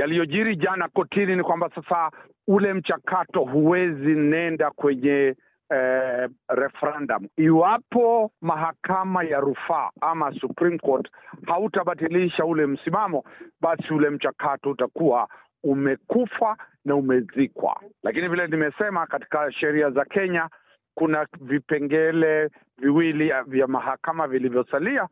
Yaliyojiri jana kotini ni kwamba sasa ule mchakato huwezi nenda kwenye Eh, referendum iwapo mahakama ya rufaa ama Supreme Court hautabatilisha ule msimamo, basi ule mchakato utakuwa umekufa na umezikwa. Lakini vile nimesema, katika sheria za Kenya kuna vipengele viwili vya mahakama vilivyosalia,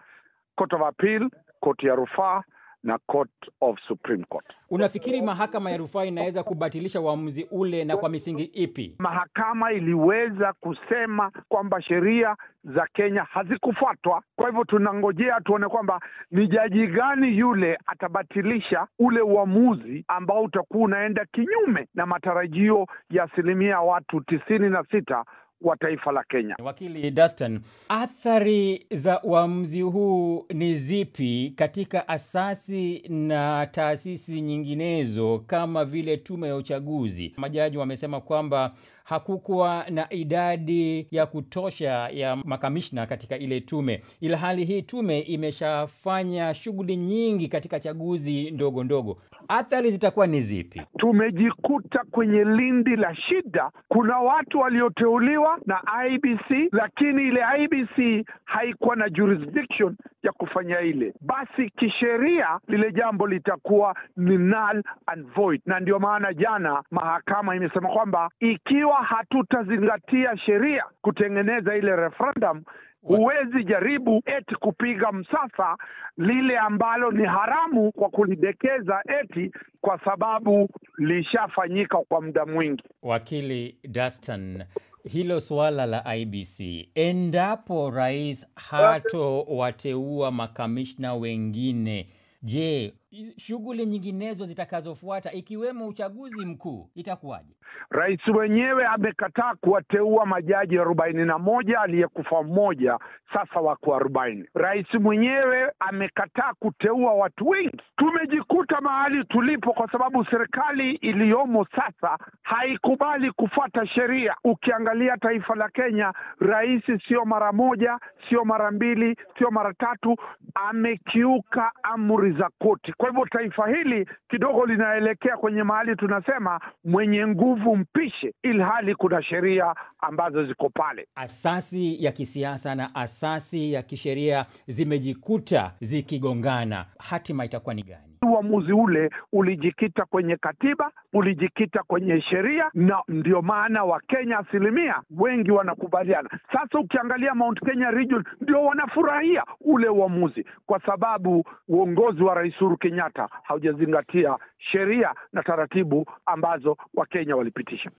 Court of Appeal, koti ya rufaa na Court of Supreme Court. Unafikiri mahakama ya rufaa inaweza kubatilisha uamuzi ule na kwa misingi ipi? Mahakama iliweza kusema kwamba sheria za Kenya hazikufuatwa. Kwa hivyo tunangojea tuone kwamba ni jaji gani yule atabatilisha ule uamuzi ambao utakuwa unaenda kinyume na matarajio ya asilimia watu tisini na sita wa taifa la Kenya. Wakili Dastan, athari za uamuzi huu ni zipi katika asasi na taasisi nyinginezo kama vile tume ya uchaguzi? Majaji wamesema kwamba hakukuwa na idadi ya kutosha ya makamishna katika ile tume, ila hali hii tume imeshafanya shughuli nyingi katika chaguzi ndogo ndogo athari zitakuwa ni zipi? Tumejikuta kwenye lindi la shida. Kuna watu walioteuliwa na IBC, lakini ile IBC haikuwa na jurisdiction ya kufanya ile, basi kisheria lile jambo litakuwa ni null and void. Na ndio maana jana mahakama imesema kwamba ikiwa hatutazingatia sheria kutengeneza ile referendum huwezi jaribu eti kupiga msasa lile ambalo ni haramu kwa kulidekeza eti kwa sababu lishafanyika kwa muda mwingi. Wakili Dastan hilo suala la IBC, endapo rais hato wateua makamishna wengine, je, shughuli nyinginezo zitakazofuata ikiwemo uchaguzi mkuu itakuwaje? Rais wenyewe amekataa kuwateua majaji arobaini na moja aliyekufa mmoja, sasa wako arobaini. Rais mwenyewe amekataa kuteua watu wengi. Tumejikuta mahali tulipo kwa sababu serikali iliyomo sasa haikubali kufuata sheria. Ukiangalia taifa la Kenya, rais sio mara moja, sio mara mbili, sio mara tatu, amekiuka amri za koti. Kwa hivyo taifa hili kidogo linaelekea kwenye mahali tunasema mwenye nguvu mpishe, ilhali kuna sheria ambazo ziko pale. Asasi ya kisiasa na asasi ya kisheria zimejikuta zikigongana, hatima itakuwa ni gani? Uamuzi ule ulijikita kwenye katiba, ulijikita kwenye sheria, na ndio maana Wakenya asilimia wengi wanakubaliana. Sasa ukiangalia Mount Kenya Region ndio wanafurahia ule uamuzi, kwa sababu uongozi wa Rais Uhuru Kenyatta haujazingatia sheria na taratibu ambazo Wakenya walipitisha.